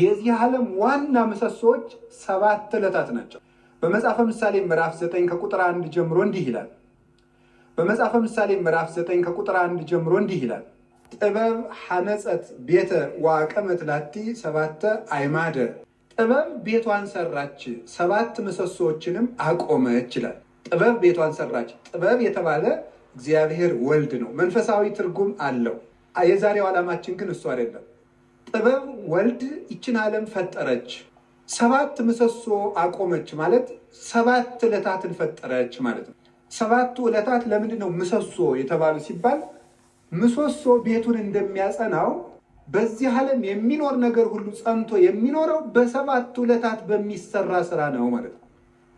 የዚህ ዓለም ዋና ምሰሶዎች ሰባት ዕለታት ናቸው። በመጽሐፈ ምሳሌ ምዕራፍ 9 ከቁጥር 1 ጀምሮ እንዲህ ይላል። በመጽሐፈ ምሳሌ ምዕራፍ 9 ከቁጥር 1 ጀምሮ እንዲህ ይላል። ጥበብ ሐነጸት ቤተ ወአቀመት ላቲ ሰባተ አይማደ። ጥበብ ቤቷን ሰራች፣ ሰባት ምሰሶዎችንም አቆመች ይላል። ጥበብ ቤቷን ሰራች። ጥበብ የተባለ እግዚአብሔር ወልድ ነው። መንፈሳዊ ትርጉም አለው። የዛሬው ዓላማችን ግን እሱ አይደለም። ጥበብ ወልድ ይችን ዓለም ፈጠረች፣ ሰባት ምሰሶ አቆመች ማለት ሰባት ዕለታትን ፈጠረች ማለት ነው። ሰባቱ ዕለታት ለምንድን ነው ምሰሶ የተባሉ ሲባል ምሰሶ ቤቱን እንደሚያጸናው በዚህ ዓለም የሚኖር ነገር ሁሉ ጸንቶ የሚኖረው በሰባቱ ዕለታት በሚሰራ ስራ ነው ማለት ነው።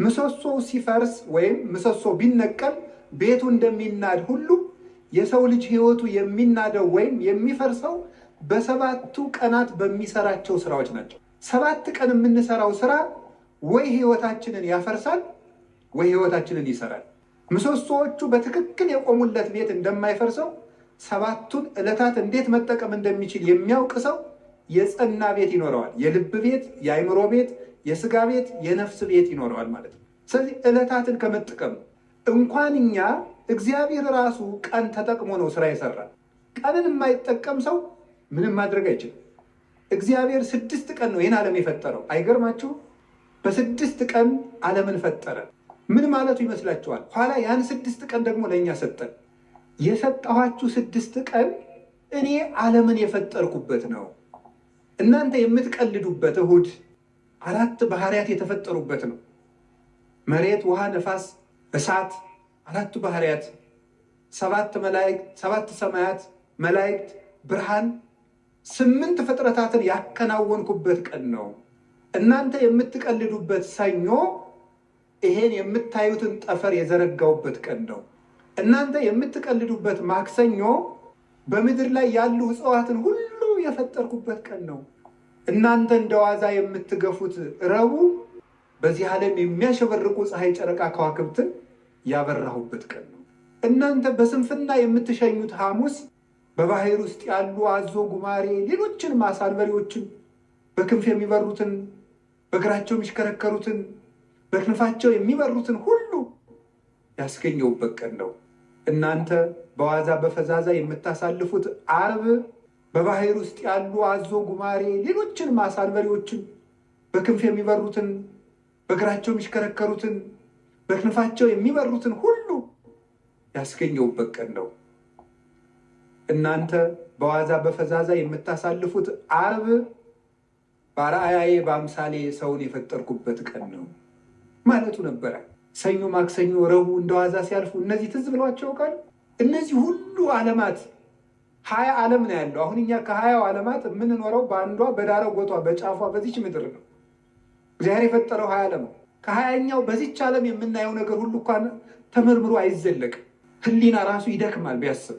ምሰሶ ሲፈርስ ወይም ምሰሶ ቢነቀል ቤቱ እንደሚናድ ሁሉ የሰው ልጅ ሕይወቱ የሚናደው ወይም የሚፈርሰው በሰባቱ ቀናት በሚሰራቸው ስራዎች ናቸው። ሰባት ቀን የምንሰራው ስራ ወይ ህይወታችንን ያፈርሳል ወይ ህይወታችንን ይሰራል። ምሰሶዎቹ በትክክል የቆሙለት ቤት እንደማይፈርሰው ሰባቱን ዕለታት እንዴት መጠቀም እንደሚችል የሚያውቅ ሰው የጸና ቤት ይኖረዋል። የልብ ቤት፣ የአይምሮ ቤት፣ የስጋ ቤት፣ የነፍስ ቤት ይኖረዋል ማለት ነው። ስለዚህ ዕለታትን ከመጠቀም እንኳን እኛ እግዚአብሔር ራሱ ቀን ተጠቅሞ ነው ስራ የሰራ። ቀንን የማይጠቀም ሰው ምንም ማድረግ አይችልም። እግዚአብሔር ስድስት ቀን ነው ይህን ዓለም የፈጠረው። አይገርማችሁ? በስድስት ቀን ዓለምን ፈጠረ። ምን ማለቱ ይመስላችኋል? ኋላ ያን ስድስት ቀን ደግሞ ለእኛ ሰጠን። የሰጠኋችሁ ስድስት ቀን እኔ ዓለምን የፈጠርኩበት ነው። እናንተ የምትቀልዱበት እሁድ አራት ባህሪያት የተፈጠሩበት ነው። መሬት፣ ውሃ፣ ነፋስ፣ እሳት አራቱ ባህሪያት ሰባት መላእክት፣ ሰባት ሰማያት፣ መላእክት፣ ብርሃን ስምንት ፍጥረታትን ያከናወንኩበት ቀን ነው። እናንተ የምትቀልዱበት ሰኞ ይሄን የምታዩትን ጠፈር የዘረጋውበት ቀን ነው። እናንተ የምትቀልዱበት ማክሰኞ በምድር ላይ ያሉ እጽዋትን ሁሉ የፈጠርኩበት ቀን ነው። እናንተ እንደ ዋዛ የምትገፉት ረቡዕ በዚህ ዓለም የሚያሸበርቁ ፀሐይ፣ ጨረቃ፣ ከዋክብትን ያበራሁበት ቀን ነው። እናንተ በስንፍና የምትሸኙት ሐሙስ በባህር ውስጥ ያሉ አዞ፣ ጉማሬ፣ ሌሎችን ማሳልበሬዎችን በክንፍ የሚበሩትን በእግራቸው የሚሽከረከሩትን በክንፋቸው የሚበሩትን ሁሉ ያስገኘውበት ቀን ነው። እናንተ በዋዛ በፈዛዛ የምታሳልፉት አርብ በባህር ውስጥ ያሉ አዞ፣ ጉማሬ፣ ሌሎችን ማሳልበሬዎችን በክንፍ የሚበሩትን በእግራቸው የሚሽከረከሩትን በክንፋቸው የሚበሩትን ሁሉ ያስገኘውበት ቀን ነው። እናንተ በዋዛ በፈዛዛ የምታሳልፉት አርብ በአርአያዬ በአምሳሌ ሰውን የፈጠርኩበት ቀን ነው ማለቱ ነበረ። ሰኞ፣ ማክሰኞ፣ ረቡዕ እንደ ዋዛ ሲያልፉ እነዚህ ትዝ ብሏቸው ቃል እነዚህ ሁሉ ዓለማት ሀያ ዓለም ነው ያለው። አሁን እኛ ከሀያው ዓለማት የምንኖረው በአንዷ በዳረ ጎቷ በጫፏ በዚች ምድር ነው። እግዚአብሔር የፈጠረው ሀያ ዓለም ነው። ከሀያኛው በዚች ዓለም የምናየው ነገር ሁሉ እንኳን ተመርምሮ አይዘለቅም። ህሊና ራሱ ይደክማል ቢያስብ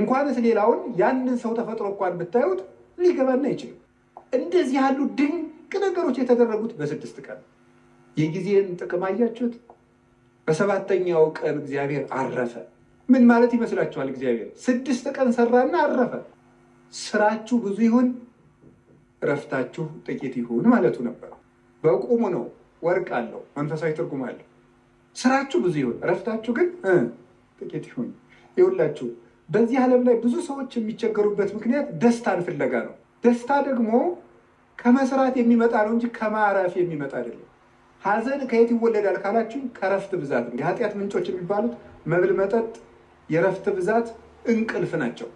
እንኳንስ ሌላውን ያንን ሰው ተፈጥሮ እንኳን ብታዩት ሊገባና አይችልም። እንደዚህ ያሉ ድንቅ ነገሮች የተደረጉት በስድስት ቀን የጊዜን ጥቅም አያችሁት። በሰባተኛው ቀን እግዚአብሔር አረፈ። ምን ማለት ይመስላችኋል? እግዚአብሔር ስድስት ቀን ሰራና አረፈ። ስራችሁ ብዙ ይሁን፣ እረፍታችሁ ጥቂት ይሁን ማለቱ ነበር። በቁሙ ነው። ወርቅ አለው፣ መንፈሳዊ ትርጉም አለው። ስራችሁ ብዙ ይሁን፣ እረፍታችሁ ግን ጥቂት ይሁን። ይሁላችሁ በዚህ ዓለም ላይ ብዙ ሰዎች የሚቸገሩበት ምክንያት ደስታን ፍለጋ ነው። ደስታ ደግሞ ከመስራት የሚመጣ ነው እንጂ ከማዕረፍ የሚመጣ አይደለም። ሐዘን ከየት ይወለዳል ካላችሁ ከረፍት ብዛት ነው። የኃጢአት ምንጮች የሚባሉት መብል፣ መጠጥ፣ የረፍት ብዛት፣ እንቅልፍ ናቸው።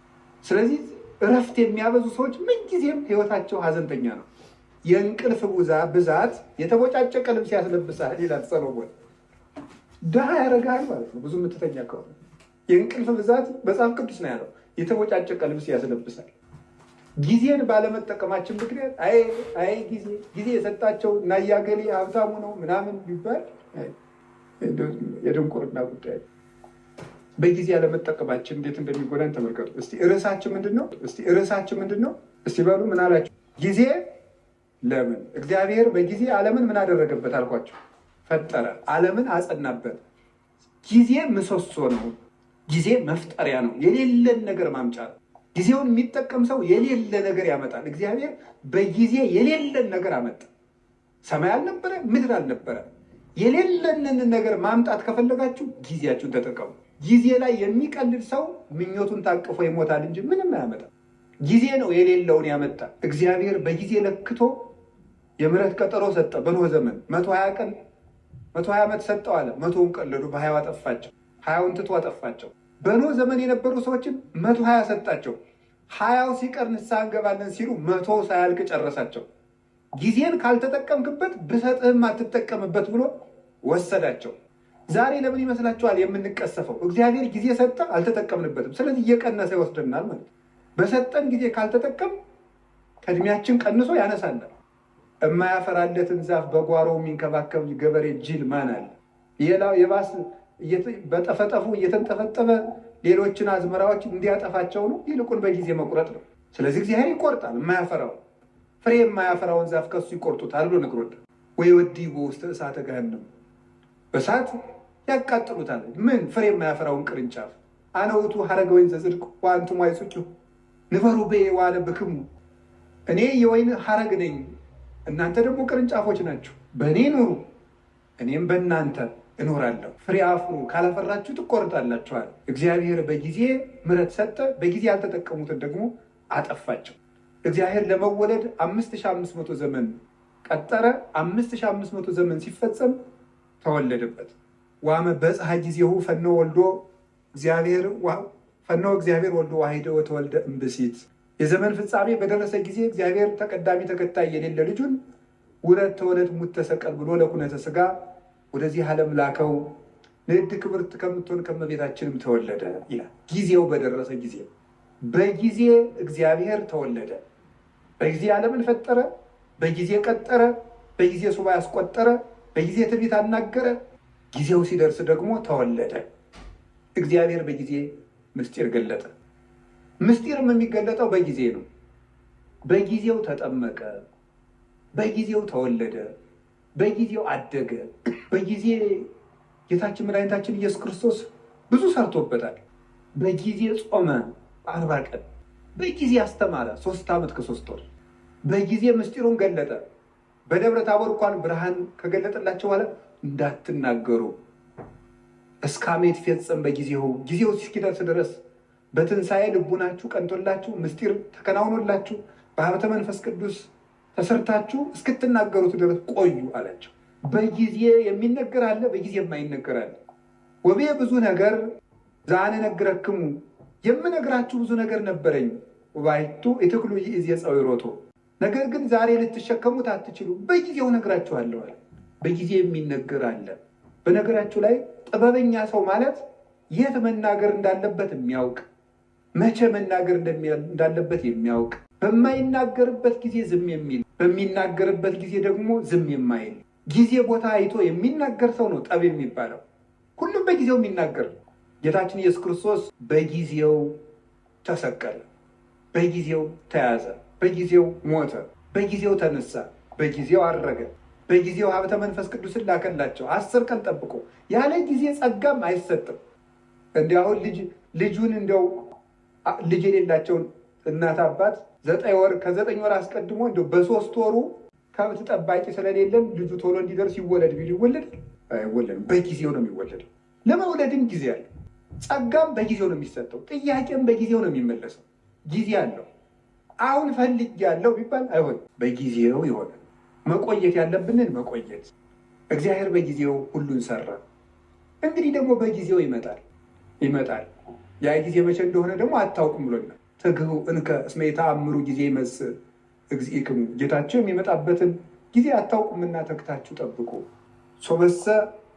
ስለዚህ እረፍት የሚያበዙ ሰዎች ምንጊዜም ህይወታቸው ሐዘንተኛ ነው። የእንቅልፍ ብዛት የተቦጫጨቀ ልብስ ያስለብሳል ይላል ሰሎሞን። ድሃ ያደርግሃል ማለት ነው ብዙ የምትተኛ ከሆነ የእንቅልፍ ብዛት መጽሐፍ ቅዱስ ነው ያለው፣ የተቦጫጨቀ ልብስ ያስለብሳል። ጊዜን ባለመጠቀማችን ምክንያት አይ አይ ጊዜ ጊዜ የሰጣቸው እና እያገሌ ሀብታሙ ነው ምናምን ቢባል የድንቁርና ጉዳይ። በጊዜ ያለመጠቀማችን እንዴት እንደሚጎዳን ተመልከቱ እስቲ። ርዕሳችን ምንድን ነው? እስቲ ርዕሳችን ምንድን ነው? እስቲ በሉ ምን አላቸው? ጊዜ ለምን እግዚአብሔር በጊዜ ዓለምን ምን አደረገበት? አልኳቸው። ፈጠረ፣ ዓለምን አጸናበት። ጊዜ ምሰሶ ነው። ጊዜ መፍጠሪያ ነው፣ የሌለን ነገር ማምጫ ነው። ጊዜውን የሚጠቀም ሰው የሌለ ነገር ያመጣል። እግዚአብሔር በጊዜ የሌለን ነገር አመጣ። ሰማይ አልነበረ፣ ምድር አልነበረ። የሌለንን ነገር ማምጣት ከፈለጋችሁ ጊዜያችሁን ተጠቀሙ። ጊዜ ላይ የሚቀልድ ሰው ምኞቱን ታቅፎ ይሞታል እንጂ ምንም አያመጣም። ጊዜ ነው የሌለውን ያመጣ። እግዚአብሔር በጊዜ ለክቶ የምሕረት ቀጠሮ ሰጠ። በኖህ ዘመን መቶ ሀያ ቀን መቶ ሀያ ዓመት ሰጠው አለ። መቶውን ቀለዱ፣ በሀያዋ ጠፋቸው። ሀያውን ትቶ አጠፋቸው። በኖህ ዘመን የነበሩ ሰዎችን መቶ ሀያ ሰጣቸው። ሀያው ሲቀር ንስሐ እንገባለን ሲሉ መቶ ሳያልቅ ጨረሳቸው። ጊዜን ካልተጠቀምክበት ብሰጥህም አትጠቀምበት ብሎ ወሰዳቸው። ዛሬ ለምን ይመስላችኋል የምንቀሰፈው? እግዚአብሔር ጊዜ ሰጠ፣ አልተጠቀምንበትም። ስለዚህ እየቀነሰ ይወስደናል ማለት በሰጠን ጊዜ ካልተጠቀም ከእድሜያችን ቀንሶ ያነሳናል። የማያፈራለትን ዛፍ በጓሮ የሚንከባከብ ገበሬ ጅል ማን አለ? የባስ በጠፈጠፉ እየተንጠፈጠፈ ሌሎችን አዝመራዎች እንዲያጠፋቸው ነው። ይልቁን በጊዜ መቁረጥ ነው። ስለዚህ እግዚአብሔር ይቆርጣል የማያፈራው ፍሬ የማያፈራውን ዛፍ ከሱ ይቆርጡታል ብሎ ነግሮል። ወይ ወዲ ውስጥ እሳተ ገሃነም በእሳት ያቃጥሉታል። ምን ፍሬ የማያፈራውን ቅርንጫፍ አነውቱ ሀረገ ወይን ዘጽድቅ ዋንቱም አይጹቂሁ ንፈሩ ዋለ ብክሙ እኔ የወይን ሀረግ ነኝ፣ እናንተ ደግሞ ቅርንጫፎች ናችሁ። በእኔ ኑሩ፣ እኔም በእናንተ እኖራለሁ። ፍሬ አፍሩ፣ ካላፈራችሁ ትቆርጣላችኋል። እግዚአብሔር በጊዜ ምረት ሰጠ፣ በጊዜ ያልተጠቀሙትን ደግሞ አጠፋቸው። እግዚአብሔር ለመወለድ 5500 ዘመን ቀጠረ። 5500 ዘመን ሲፈጸም ተወለደበት። ዋመ በፀሐይ ጊዜሁ ፈኖ ወልዶ እግዚአብሔር ፈኖ እግዚአብሔር ወልዶ ዋሂደ ወተወልደ እምብሲት የዘመን ፍጻሜ በደረሰ ጊዜ እግዚአብሔር ተቀዳሚ ተከታይ የሌለ ልጁን ውረድ ተወለድ ሙት ተሰቀል ብሎ ለኩነተ ስጋ ወደዚህ ዓለም ላከው ንድ ክብርት ከምትሆን ከመቤታችንም ተወለደ ይላል። ጊዜው በደረሰ ጊዜ በጊዜ እግዚአብሔር ተወለደ። በጊዜ ዓለምን ፈጠረ፣ በጊዜ ቀጠረ፣ በጊዜ ሱባ ያስቆጠረ፣ በጊዜ ትንቢት አናገረ። ጊዜው ሲደርስ ደግሞ ተወለደ። እግዚአብሔር በጊዜ ምስጢር ገለጠ። ምስጢርም የሚገለጠው በጊዜ ነው። በጊዜው ተጠመቀ፣ በጊዜው ተወለደ በጊዜው አደገ። በጊዜ ጌታችን መድኃኒታችን ኢየሱስ ክርስቶስ ብዙ ሰርቶበታል። በጊዜ ጾመ አርባ ቀን፣ በጊዜ አስተማረ ሶስት ዓመት ከሶስት ወር፣ በጊዜ ምስጢሩን ገለጠ። በደብረ ታቦር እንኳን ብርሃን ከገለጠላቸው በኋላ እንዳትናገሩ እስከ አሜት ፈጸም በጊዜው ጊዜው እስኪደርስ ድረስ በትንሣኤ ልቡናችሁ ቀንቶላችሁ ምስጢር ተከናውኖላችሁ በሀብተ መንፈስ ቅዱስ ተሰርታችሁ እስክትናገሩት ድረስ ቆዩ አላቸው። በጊዜ የሚነገር አለ፣ በጊዜ የማይነገር አለ። ወቤ ብዙ ነገር ዛነ ነግረክሙ፣ የምነግራችሁ ብዙ ነገር ነበረኝ። ወባይቱ የተክሉ ይእዜ ጸዊሮቶ፣ ነገር ግን ዛሬ ልትሸከሙት አትችሉ በጊዜው ነግራችኋለሁ አለ። በጊዜ የሚነገር አለ። በነገራችሁ ላይ ጥበበኛ ሰው ማለት የት መናገር እንዳለበት የሚያውቅ መቼ መናገር እንዳለበት የሚያውቅ በማይናገርበት ጊዜ ዝም የሚል በሚናገርበት ጊዜ ደግሞ ዝም የማይል ጊዜ ቦታ አይቶ የሚናገር ሰው ነው ጠብ የሚባለው። ሁሉም በጊዜው የሚናገር ጌታችን ኢየሱስ ክርስቶስ በጊዜው ተሰቀለ፣ በጊዜው ተያዘ፣ በጊዜው ሞተ፣ በጊዜው ተነሳ፣ በጊዜው አረገ፣ በጊዜው ሀብተ መንፈስ ቅዱስን ላከላቸው አስር ቀን ጠብቆ። ያለ ጊዜ ጸጋም አይሰጥም። እንዲ አሁን ልጁን እንዲያው ልጅ የሌላቸውን እናት አባት ዘጠኝ ወር ከዘጠኝ ወር አስቀድሞ እንደ በሶስት ወሩ ከብት ጠባቂ ስለሌለን ልጁ ቶሎ እንዲደርስ ይወለድ ቢል ይወለድ አይወለድም። በጊዜው ነው የሚወለደው። ለመውለድም ጊዜ አለው። ጸጋም በጊዜው ነው የሚሰጠው። ጥያቄም በጊዜው ነው የሚመለሰው። ጊዜ አለው። አሁን ያለው ቢባል አይሆን፣ በጊዜው ይሆነ መቆየት ያለብንን መቆየት። እግዚአብሔር በጊዜው ሁሉን ሰራ። እንግዲህ ደግሞ በጊዜው ይመጣል ይመጣል ያ ጊዜ መቼ እንደሆነ ደግሞ አታውቁም ብሎናል። ተግሁ እንከ እስመ የተአምሩ ጊዜ መስ እግዚእክሙ፣ ጌታቸው የሚመጣበትን ጊዜ አታውቁምና ተግታችሁ ጠብቁ። ሶበሰ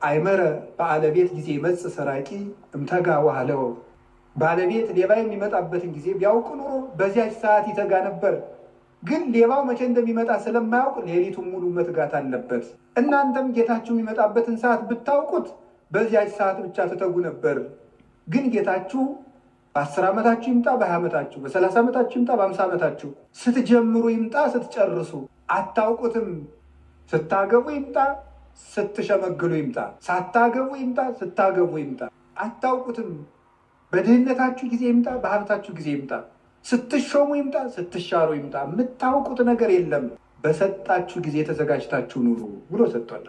አይመረ በአለቤት ጊዜ ይመጽእ ሰራቂ እምተጋ ዋህለው። ባለቤት ሌባ የሚመጣበትን ጊዜ ቢያውቅ ኑሮ በዚያች ሰዓት ይተጋ ነበር። ግን ሌባው መቼ እንደሚመጣ ስለማያውቅ ሌሊቱን ሙሉ መትጋት አለበት። እናንተም ጌታችሁ የሚመጣበትን ሰዓት ብታውቁት በዚያች ሰዓት ብቻ ትተጉ ነበር። ግን ጌታችሁ በአስር ዓመታችሁ ይምጣ፣ በሀያ ዓመታችሁ፣ በሰላሳ ዓመታችሁ ይምጣ፣ በአምሳ ዓመታችሁ ስትጀምሩ ይምጣ፣ ስትጨርሱ አታውቁትም። ስታገቡ ይምጣ፣ ስትሸመግሉ ይምጣ፣ ሳታገቡ ይምጣ፣ ስታገቡ ይምጣ፣ አታውቁትም። በድህነታችሁ ጊዜ ይምጣ፣ በሀብታችሁ ጊዜ ይምጣ፣ ስትሾሙ ይምጣ፣ ስትሻሩ ይምጣ፣ የምታውቁት ነገር የለም። በሰጣችሁ ጊዜ ተዘጋጅታችሁ ኑሩ ብሎ ሰጥቷል።